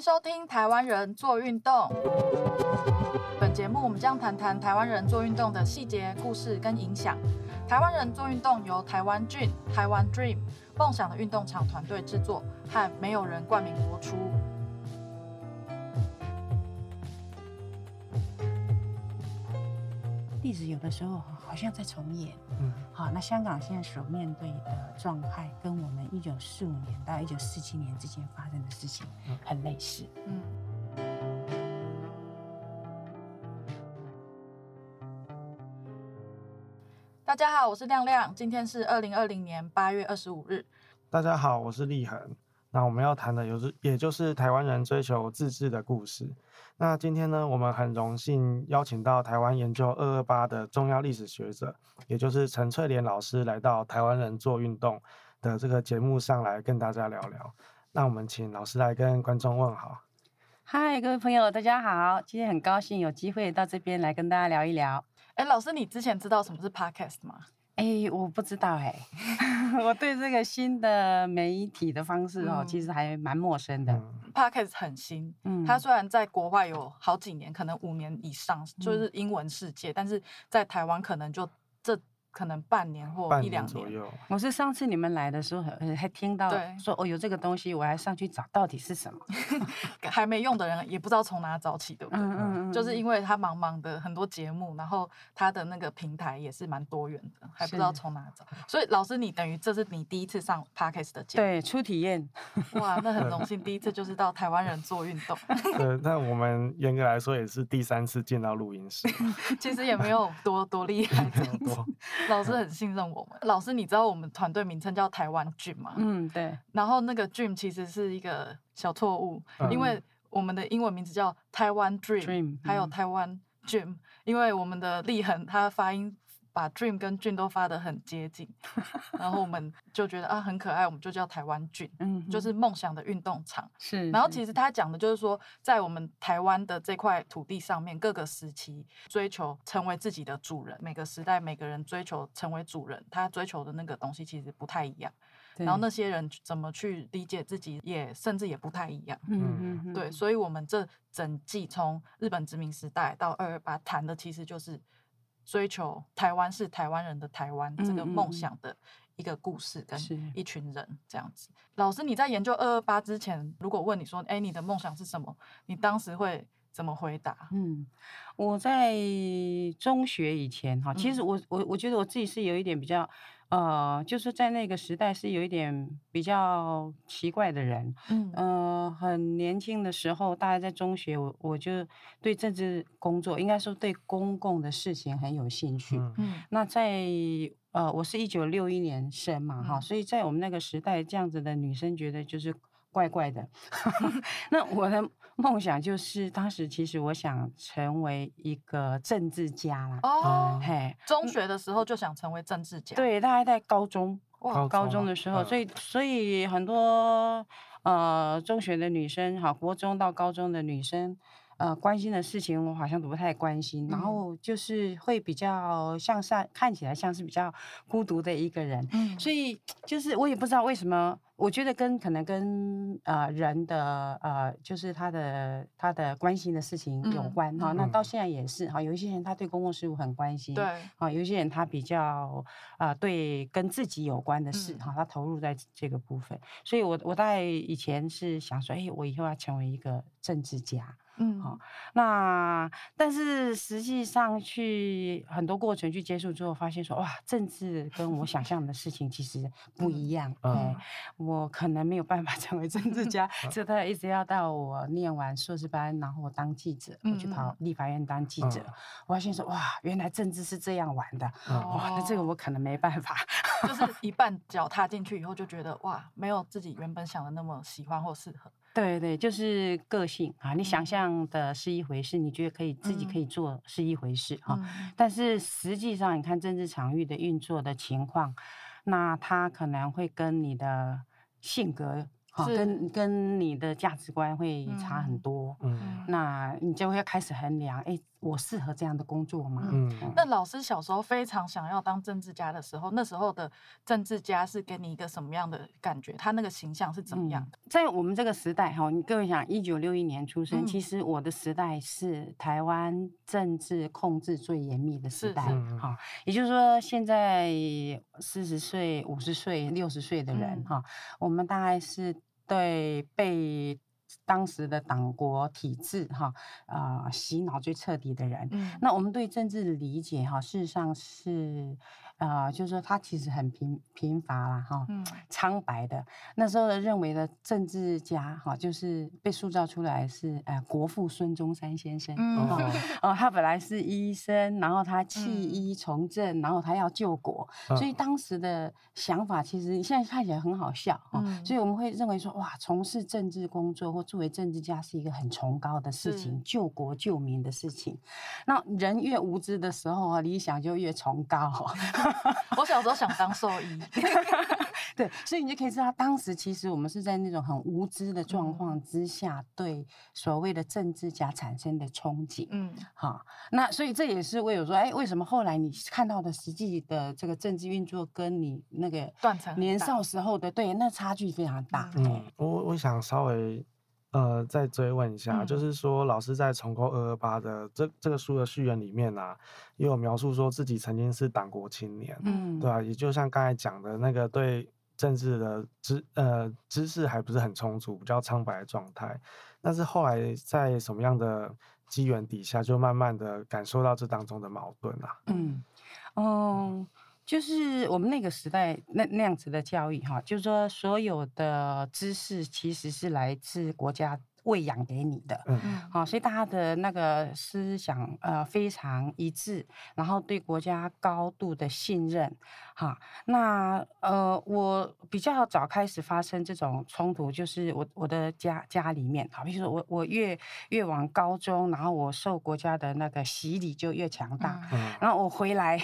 收聽台灣人做運動。本節目我們將談談台灣人做運動的細節、故事跟影響。台灣人做運動由台灣菌、台灣 Dream 夢想的運動場團隊制作，和沒有人冠名播出。地址有的時候。好像在重演，嗯，好。那香港現在所面對的狀態，跟我們一九四五年到一九四七年之間發生的事情很類似，嗯。嗯，大家好，我是亮亮，今天是二零二零年八月二十五日。大家好，我是立恆。那我們要談的，有時也就是台灣人追求自治的故事。那今天呢，我們很榮幸邀請到台灣研究二二八的重要歷史學者，也就是陳翠蓮老師，來到《台灣人做運動》的這個節目上來跟大家聊聊。那我們請老師來跟觀眾問好。嗨，各位朋友，大家好！今天很高興有機會到這邊來跟大家聊一聊。哎，老師，你之前知道什麼是 Podcast 嗎？哎、欸，我不知道，哎、欸， 我對這個新的媒體的方式哦、喔，嗯、其實還蠻陌生的。嗯，Podcast 很新，嗯，它雖然在國外有好幾年，可能五年以上，就是英文世界，嗯、但是在台灣可能就這。可能半年或一兩年、年左右。我是上次你們來的時候還還聽到說對哦，有這個東西，我還上去找到底是什麼， 還沒用的人也不知道從哪找起，對不對？嗯、就是因為他忙忙的很多節目，然後他的那個平台也是蠻多元的，還不知道從哪找。是所以老師你等於這是你第一次上 Podcast 的節目，對，初體驗。哇，那很榮幸第一次就是到台灣人做運動。對，那 我們嚴格來說也是第三次進到錄音室， 其實也沒有多多厲害。老師很信任我們。老師，你知道我們團隊名稱叫台灣 Gym 嗎？嗯，對。然後那個 Gym 其實是一個小錯誤，um, 因為我們的英文名字叫台灣 Dream, Dream，還有台灣 Gym，、嗯、因為我們的立恆他發音。把 dream 跟菌都發得很接近， 然後我們就覺得啊很可愛，我們就叫台灣菌、嗯哼，嗯，就是夢想的運動場。是，然後其實他講的就是說，在我們台灣的這塊土地上面，各個時期追求成為自己的主人，每個時代每個人追求成為主人，他追求的那個東西其實不太一樣。對然後那些人怎麼去理解自己也，也甚至也不太一樣。嗯嗯嗯，對，所以我們這整季從日本殖民時代到二二八談的，其實就是。追求台灣是台灣人的台灣這個夢想的一個故事跟一群人這樣子。老師，你在研究二二八之前，如果問你說，哎，你的夢想是什麼？你當時會怎麼回答？嗯，我在中學以前哈，其實我我我覺得我自己是有一點比較。呃，就是在那個時代是有一點比較奇怪的人，嗯、呃，很年輕的時候，大概在中學，我我就對政治工作，應該說對公共的事情很有興趣，嗯，那在呃，我是一九六一年生嘛，嗯、哈，所以在我們那個時代，這樣子的女生覺得就是怪怪的， 那我的，夢想就是當時，其實我想成為一個政治家啦。哦，嘿、嗯，中學的時候就想成為政治家。對，大概在高中。哇，高中，啊、高中的時候，了所以所以很多呃中學的女生，好，國中到高中的女生，呃關心的事情我好像都不太關心，嗯、然後就是會比較向上，看起來像是比較孤獨的一個人。嗯、所以就是我也不知道為什麼。我覺得跟可能跟呃人的呃就是他的他的關心的事情有關哈、嗯，那到現在也是哈，有一些人他對公共事務很關心，對，啊，有一些人他比較啊、呃、對跟自己有關的事哈，他投入在這個部分，嗯、所以我我大概以前是想說，哎，我以後要成為一個政治家。嗯，好、哦，那但是實際上去很多過程去接觸之後，發現說哇，政治跟我想象的事情其實不一樣。嗯，欸、嗯我可能沒有辦法成為政治家，嗯、所以他一直要到我念完碩士班，然後我當記者，我去跑立法院當記者，嗯嗯我發現說哇，原來政治是這樣玩的。哇、嗯哦哦，那這個我可能沒辦法，就是一半腳踏進去以後就覺得哇，沒有自己原本想的那麼喜歡或適合。對對，就是個性啊！你想象的是一回事，嗯、你覺得可以自己可以做是一回事啊，嗯、但是實際上，你看政治場域的運作的情況，那它可能會跟你的性格啊，是跟跟你的價值觀會差很多。嗯，那你就會開始衡量，誒我適合這樣的工作嗎？嗯，那老師小時候非常想要當政治家的時候，那時候的政治家是給你一個什麼樣的感覺？他那個形象是怎麼樣的，嗯？在我們這個時代，哈，你各位想，一九六一年出生，嗯、其實我的時代是台灣政治控制最嚴密的時代，哈是，也就是說，現在四十歲、五十歲、六十歲的人，哈、嗯，我們大概是對被。當時的黨國體制，哈、呃、啊洗腦最徹底的人，嗯、那我們對政治的理解，哈，事實上是。啊、呃，就是說他其實很貧貧乏啦，哈、哦，嗯、蒼白的。那時候的認為的政治家，哈、哦，就是被塑造出來是，哎、呃，國父孫中山先生。哦，他本來是醫生，然後他棄醫從政，嗯、然後他要救國。嗯、所以當時的想法，其實現在看起來很好笑啊。哦，嗯、所以我們會認為說，哇，從事政治工作或作為政治家是一個很崇高的事情，嗯、救國救民的事情。那人越無知的時候啊，理想就越崇高。哦。我小時候想當獸醫， 對，所以你就可以知道，當時其實我們是在那種很無知的狀況之下，對所謂的政治家產生的憧憬，嗯，好，那所以這也是為我有說，哎、欸，為什麼後來你看到的實際的這個政治運作跟你那個年少時候的對那差距非常大？嗯，對我我想稍微。呃，再追問一下，嗯、就是說，老師在重構二二八的這這個書的序言裡面啊，也有描述說自己曾經是黨國青年，嗯，對啊，也就像剛才講的那個，對政治的知呃知識還不是很充足，比較蒼白的狀態。但是後來在什麼樣的機緣底下，就慢慢的感受到這當中的矛盾啊。嗯，哦。嗯就是我們那個時代那那樣子的教育哈，就是說所有的知識其實是來自國家餵養給你的，嗯嗯，好，所以大家的那個思想呃非常一致，然後對國家高度的信任。哈，那呃，我比較早開始發生這種衝突，就是我我的家家裡面好，比如說我我越越往高中，然後我受國家的那個洗禮就越強大，嗯、然後我回來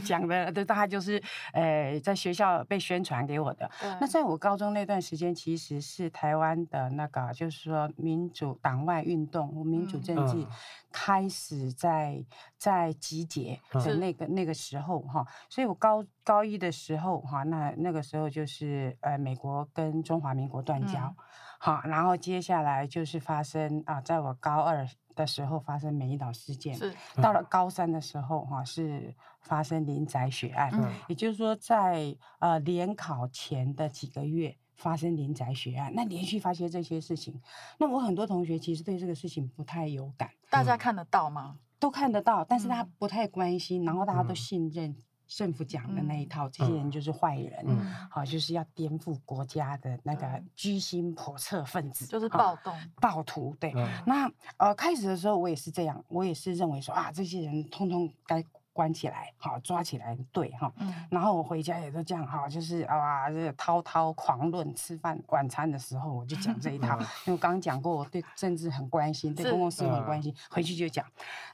講、嗯、 的都大概就是，呃，在學校被宣傳給我的。對那在我高中那段時間，其實是台灣的那個，就是說民主黨外運動、民主政治開始在、嗯嗯、在集結的那個、嗯、那個時候哈，所以我高。高一的時候，哈，那那個時候就是，呃，美國跟中華民國斷交，好、嗯，然後接下來就是發生啊，在我高二的時候發生美麗島事件，是到了高三的時候，哈，是發生林宅血案，嗯、也就是說在呃聯考前的幾個月發生林宅血案，那連續發生這些事情，那我很多同學其實對這個事情不太有感，大家看得到嗎？都看得到，但是大家不太關心，嗯、然後大家都信任。政府講的那一套，嗯、這些人就是壞人，好、嗯啊、就是要顛覆國家的那個居心叵測分子，嗯、就是暴動、啊、暴徒。對，嗯、那呃開始的時候我也是這樣，我也是認為說啊，這些人通通該關起來，好抓起來，對哈、嗯。然後我回家也都這樣哈，就是啊，這個、滔滔狂論。吃飯晚餐的時候，我就講這一套， 因為剛剛講過，我對政治很關心，是對公共事務很關心，嗯、回去就講。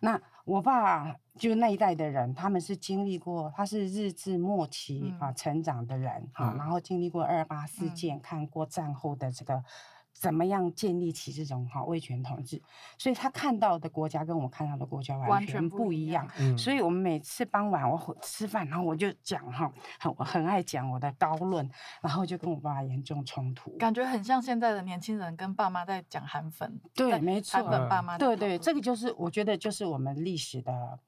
那我爸就那一代的人，他們是經歷過，他是日治末期啊、嗯、成長的人哈，嗯、然後經歷過二二八事件，嗯、看過戰後的這個。怎麼樣建立起這種哈威權統治？所以他看到的國家跟我看到的國家完全不一樣，一樣嗯、所以，我們每次傍晚我吃飯，然後我就講哈，很很愛講我的高論，然後就跟我爸爸嚴重衝突。感覺很像現在的年輕人跟爸媽在講韓粉。對，沒錯，韓粉爸媽、嗯、對，對對，這個就是我覺得就是我們歷史的，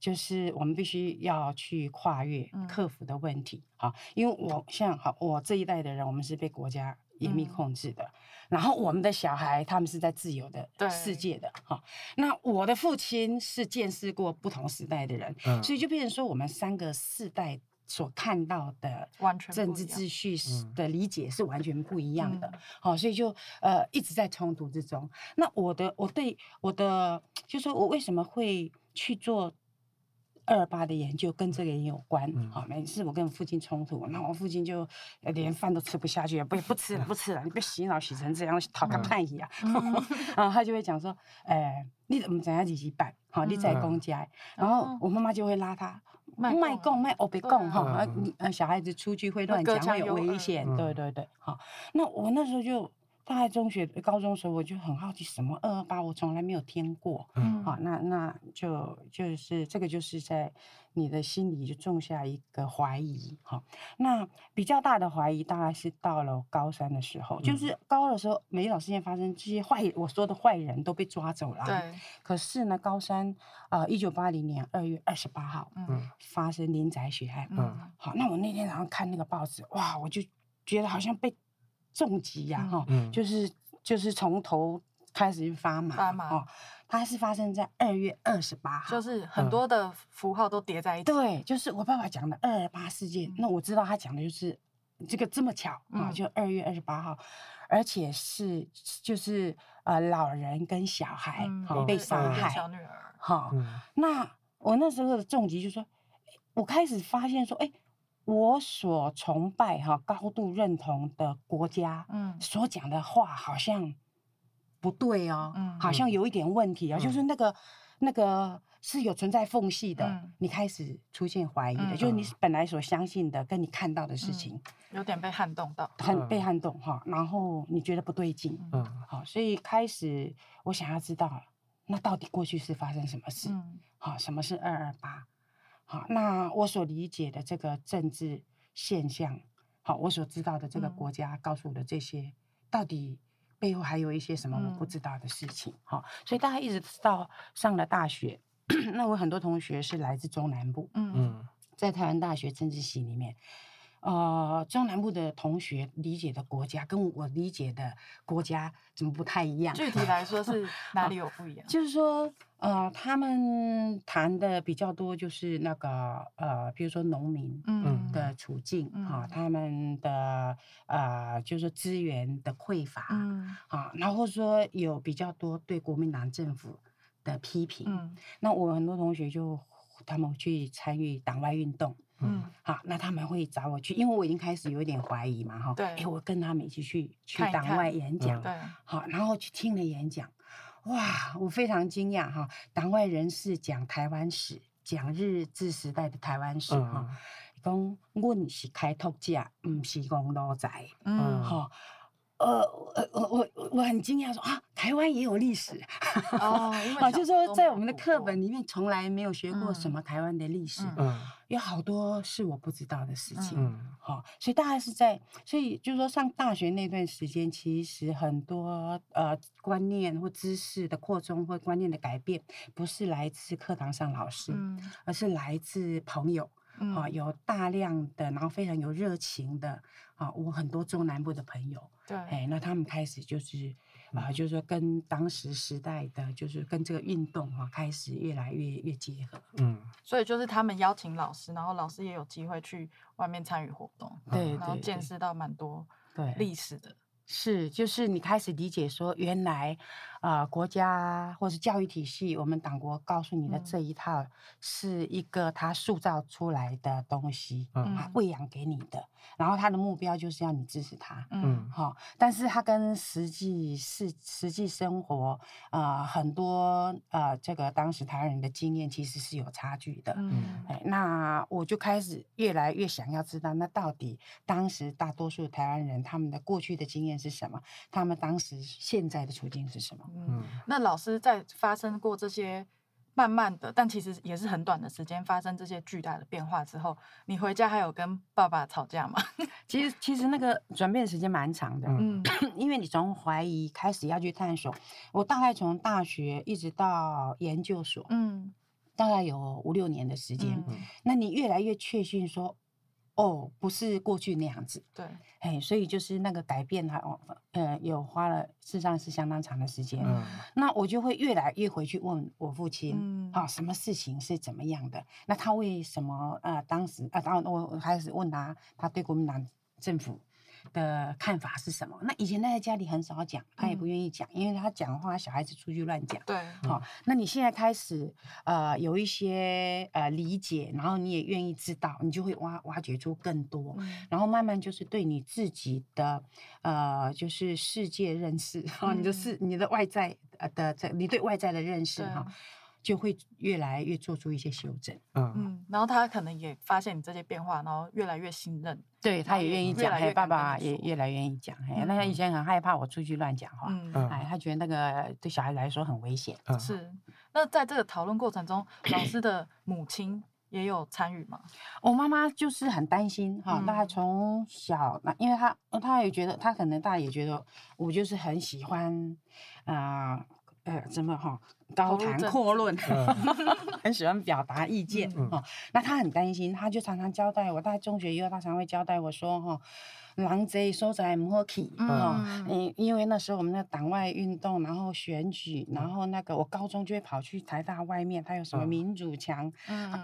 就是我們必須要去跨越克服的問題哈，嗯、因為我像哈我這一代的人，我們是被國家嚴密控制的。然後我們的小孩他們是在自由的世界的哈，對那我的父親是見識過不同時代的人，嗯、所以就變成說我們三個世代所看到的完全政治秩序的理解是完全不一樣的，好、嗯，所以就呃一直在衝突之中。那我的我對我的就是說我為什麼會去做？二二八的研究跟這個人有關，好、嗯，每次、哦、我跟父親衝突，那我父親就連飯都吃不下去，不不吃，不吃了，不吃了，你被洗腦洗成這樣，我討個便宜了，嗯、 然後他就會講說，哎、呃，你怎麼知樣二十八，好、哦，你在公家，嗯、然後我媽媽就會拉他，賣賣公賣哦別供哈，你呃、啊、小孩子出去會亂講、嗯、會有危險，嗯、對對對，好、哦，那我那時候就。大概中學、高中的時候，我就很好奇什麼二二八，我從來沒有聽過。嗯，好，那那就就是這個，就是在你的心裡就種下一個懷疑哈。那比較大的懷疑大概是到了高三的時候，嗯、就是高二的時候，美麗島事件發生這些壞，我說的壞人都被抓走了、啊。對。可是呢，高三啊，一九八零年二月二十八號，嗯，發生林宅血案。嗯。好，那我那天早上看那個報紙，哇，我就覺得好像被。重疾呀、啊、哈、嗯，就是就是從頭開始就發麻發麻，哦麻，它是發生在二月二十八號，就是很多的符號都疊在一起，嗯、對，就是我爸爸講的二二八事件。嗯、那我知道他講的就是這個，這麼巧，啊，就二月二十八號，嗯、而且是就是呃老人跟小孩被殺害，嗯、吼小女兒，哈，嗯、那我那時候的重疾就是說，我開始發現說，誒我所崇拜、哈高度認同的國家，嗯，所講的話好像不對哦，嗯，好像有一點問題啊，就是那個、那個是有存在縫隙的，你開始出現懷疑的，就是你本來所相信的跟你看到的事情，有點被撼動到，很被撼動哈，然後你覺得不對勁，嗯，好，所以開始我想要知道，那到底過去是發生什麼事？好，什麼是二二八？好，那我所理解的這個政治現象，好，我所知道的這個國家告訴我的這些，嗯、到底背後還有一些什麼我不知道的事情？嗯、好，所以大家一直到上了大學， 那我很多同學是來自中南部，嗯，在台灣大學政治系裡面。呃，中南部的同學理解的國家跟我理解的國家怎麼不太一樣？具體來說是哪裡有不一樣、 啊？就是說，呃，他們談的比較多就是那個呃，比如說農民嗯的處境、嗯、啊，嗯、他們的呃，就是說資源的匱乏嗯啊，然後說有比較多對國民黨政府的批評嗯，那我很多同學就他們去參與黨外運動。嗯，好，那他們會找我去，因為我已經開始有點懷疑嘛，哈。對。哎、欸，我跟他們一起去去黨外演講，對。嗯、好，然後去聽了演講，哇，我非常驚訝哈！黨、哦、外人士講台灣史，講日治時代的台灣史哈，講阮、嗯、是開拓者，毋是戇奴仔，嗯，哈、嗯。哦呃，我我我很驚訝說啊，台灣也有歷史，啊、哦，因為 就是說在我們的課本裡面從來沒有學過什麼台灣的歷史，嗯，有好多是我不知道的事情，嗯，好、哦，所以大概是在，所以就是說上大學那段時間，其實很多呃觀念或知識的擴充或觀念的改變，不是來自課堂上老師，嗯、而是來自朋友。啊、嗯哦，有大量的，然後非常有熱情的啊、哦，我很多中南部的朋友，對，哎、欸，那他們開始就是、嗯、啊，就是說跟當時時代的，就是跟這個運動啊，開始越來越越結合，嗯，所以就是他們邀請老師，然後老師也有機會去外面參與活動，對，然後見識到蠻多對歷史的。是，就是你開始理解說，原來啊、呃，國家或是教育體系，我們黨國告訴你的這一套，是一個他塑造出來的東西，嗯、他餵養給你的，然後他的目標就是要你支持他，嗯，好，但是他跟實際是實際生活啊、呃、很多啊、呃、這個當時台灣人的經驗其實是有差距的，嗯，那我就開始越來越想要知道，那到底當時大多數的台灣人他們的過去的經驗，是什麼？他們當時現在的處境是什麼？嗯，那老師在發生過這些慢慢的，但其實也是很短的時間發生這些巨大的變化之後，你回家還有跟爸爸吵架嗎？其實，其實那個轉變時間蠻長的。嗯，因為你從懷疑開始要去探索，我大概從大學一直到研究所，嗯，大概有五六年的時間。嗯，那你越來越確信說。哦，oh, 不是過去那樣子，對，哎，hey, 所以就是那個改變它、哦，呃，有花了，事實上是相當長的時間。嗯，那我就會越來越回去問我父親，啊、嗯哦，什麼事情是怎麼樣的？那他為什麼啊、呃？當時啊，然、呃、後我開始問他，他對國民黨政府。的看法是什麼？那以前他在家裡很少講，他也不願意講，嗯、因為他講的話，小孩子出去亂講。對，哦嗯、那你現在開始呃有一些呃理解，然後你也願意知道，你就會挖挖掘出更多，嗯、然後慢慢就是對你自己的呃就是世界認識，哦、你的世你的外在、嗯、呃的，的你對外在的認識哈。就會越來越做出一些修正，嗯嗯，然後他可能也發現你這些變化，然後越來越信任，對，他也願意講，哎、嗯，他也爸爸也越來越、嗯、越來願意講，那他以前很害怕我出去亂講話，嗯哎、他覺得那個對小孩來說很危險。嗯、是，那在這個討論過程中， 老師的母親也有參與嗎？我媽媽就是很擔心哈，嗯、那她從小那，因為她她也覺得，她可能大也覺得，我就是很喜歡，啊呃，怎、呃、麼哈？高談闊論，嗯、 很喜歡表達意見、嗯哦、那他很擔心，他就常常交代我，大中學以後，他常常會交代我說，哈、哦。狼賊收賊唔好去啊！哦、嗯，因為那時候我們的黨外運動，然後選舉，然後那個我高中就會跑去台大外面，他有什麼民主牆、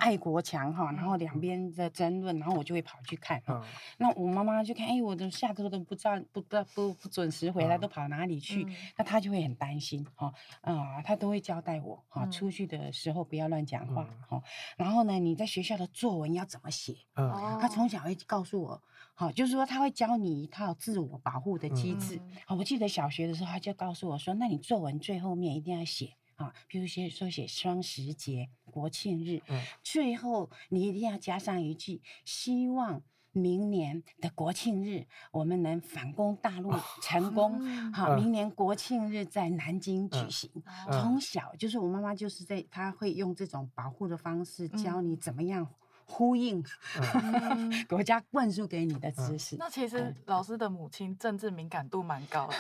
愛國牆哈，嗯、然後兩邊的爭論，然後我就會跑去看哈、嗯哦。那我媽媽就看，哎，我的下課都不知道不到不不準時回來，嗯、都跑哪裡去？嗯、那她就會很擔心哈啊、哦呃，她都會交代我哈、哦，出去的時候不要亂講話哈、嗯哦。然後呢，你在學校的作文要怎麼寫？嗯，她從小會告訴我。好，就是說他會教你一套自我保護的機制。嗯、好，我記得小學的時候，他就告訴我說：“那你作文最後面一定要寫啊，譬如寫說寫雙十節、國慶日，嗯、最後你一定要加上一句，希望明年的國慶日我們能反攻大陸成功。嗯、好，明年國慶日在南京舉行。從、嗯嗯、小就是我媽媽就是在，她會用這種保護的方式教你怎麼樣。”呼應、嗯嗯、國家灌輸給你的知識。那其實老師的母親政治敏感度蠻高的，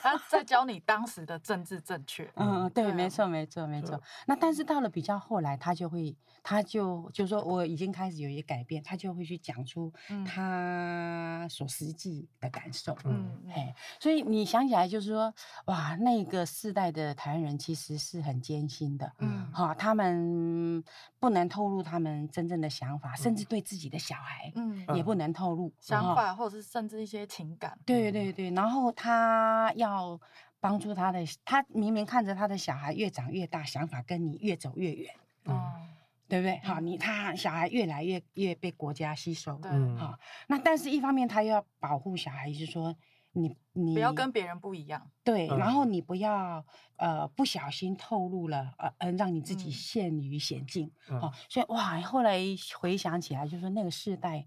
他、嗯、在教你當時的政治正確。嗯，對，沒錯，沒錯，沒錯。那但是到了比較後來，他就會，他就就說我已經開始有一些改變，他就會去講出他所實際的感受。嗯，哎，所以你想起來就是說，哇，那個世代的台灣人其實是很艱辛的。嗯，好，他們不能透露他們真正的想法。想法，甚至對自己的小孩，嗯，也不能透露想法，或者是甚至一些情感，對對對。然後他要幫助他的，他明明看着他的小孩越長越大，想法跟你越走越遠，哦、嗯，對不對？好、嗯，你他小孩越來越越被國家吸收，嗯，好。那但是一方面他又要保護小孩，就是說。你你不要跟別人不一樣，對，嗯、然後你不要呃不小心透露了，呃嗯，讓你自己陷於險境，嗯嗯、哦所以哇，後來回想起來，就是說那個世代。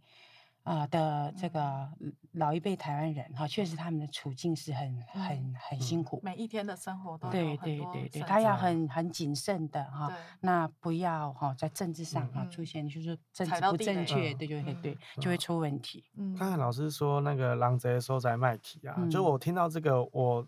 啊、呃、的這個老一輩台灣人哈，確、喔、實他們的處境是很很很辛苦，嗯嗯，每一天的生活都很對對對對，他要很很謹慎的哈，喔、對那不要哈、喔、在政治上哈、嗯、出現就是政治不正確，對對對、嗯、對就會出問題。剛、嗯、才老師說那個狼賊收賊賣旗啊，就我聽到這個我。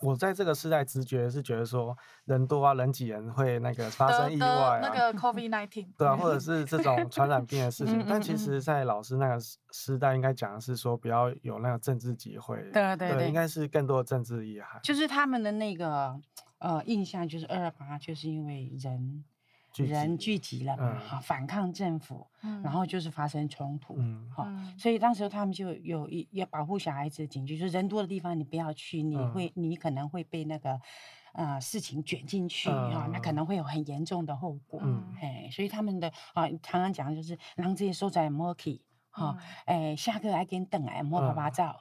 我在這個時代，直覺是覺得說人多啊，人擠人會那個發生意外，啊、那個 COVID nineteen 對啊，或者是這種傳染病的事情。 嗯嗯嗯但其實，在老師那個時代，應該講的是說比較有那個政治機會，對對對，對，應該是更多的政治意涵。就是他們的那個呃印象，就是二二八，就是因為人。人聚集了嘛，哈集，嗯、反抗政府，嗯、然後就是發生衝突，哈，所以當時他們就有一要保護小孩子的警，警局就是人多的地方，你不要去，你會、嗯、你可能會被那個啊、呃、事情捲進去，哈、嗯哦，那可能會有很嚴重的後果，嗯嗯嗯、所以他們的啊，常常講的就是讓這些收災莫去。哈，誒，下課還跟等來摸粑粑照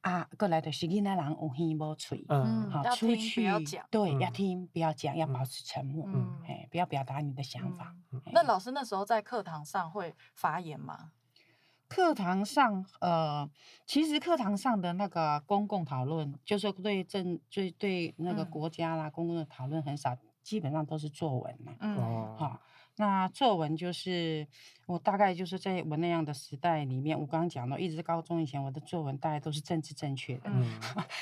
啊，過來的是囡仔人有耳無嘴，嗯，好出去，對，要聽不要講，要保持沉默，嗯，哎，不要表達你的想法。那老師那時候在課堂上會發言嗎？課堂上，呃，其實課堂上的那個公共討論，就是對政，就對那個國家啦，公共的討論很少，基本上都是作文嘛，嗯，好。那作文就是我大概就是在我那樣的時代裡面，我剛剛講到，一直高中以前，我的作文大概都是政治正確的，嗯、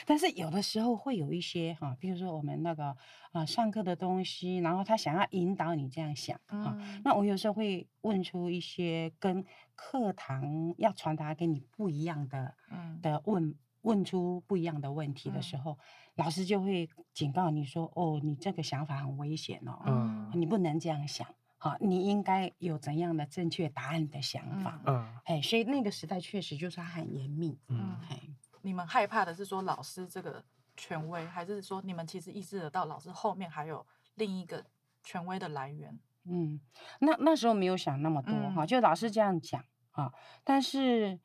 但是有的時候會有一些哈，比如說我們那個啊、呃、上課的東西，然後他想要引導你這樣想、嗯、啊，那我有時候會問出一些跟課堂要傳達給你不一樣的，的問問出不一樣的問題的時候，嗯、老師就會警告你說，哦，你這個想法很危險哦，嗯、你不能這樣想。啊，你應該有怎樣的正確答案的想法？嗯，嗯嘿，所以那個時代確實就是很嚴密。嗯，嘿，你們害怕的是說老師這個權威，還是說你們其實意識得到老師後面還有另一個權威的來源？嗯，那那時候沒有想那麼多、嗯、哈，就老師這樣講啊。但是，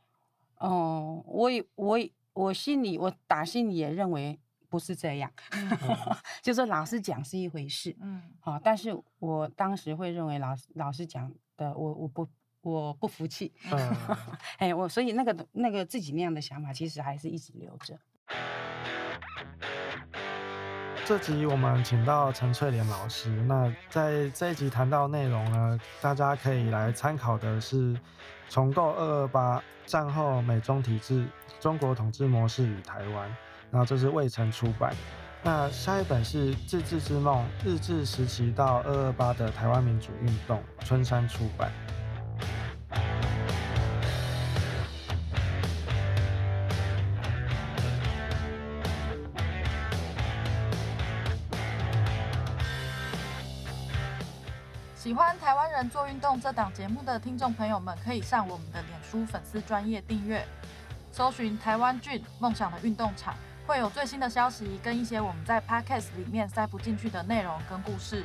哦、呃，我也我也我心裡我打心裡也認為。不是這樣，嗯、 就是說老師講是一回事，嗯，好，但是我當時會認為老師老師講的我我不我不服氣、嗯， 哎，我所以那個那個自己那樣的想法其實還是一直留着。嗯，這集我們請到陳翠蓮老師，那在這一集談到內容呢，大家可以來參考的是《重構二二八戰後美中體制：中國統治模式與台灣》。然後這是未曾出版。那下一本是《自治之夢：日治時期到二二八的台灣民主運動》，春山出版。喜歡《台灣人做運動》這檔節目的聽眾朋友們，可以上我們的臉書粉絲專頁訂閱，搜尋“台灣菌夢想的運動場”。會有最新的消息，跟一些我們在 podcast 裡面塞不進去的內容跟故事。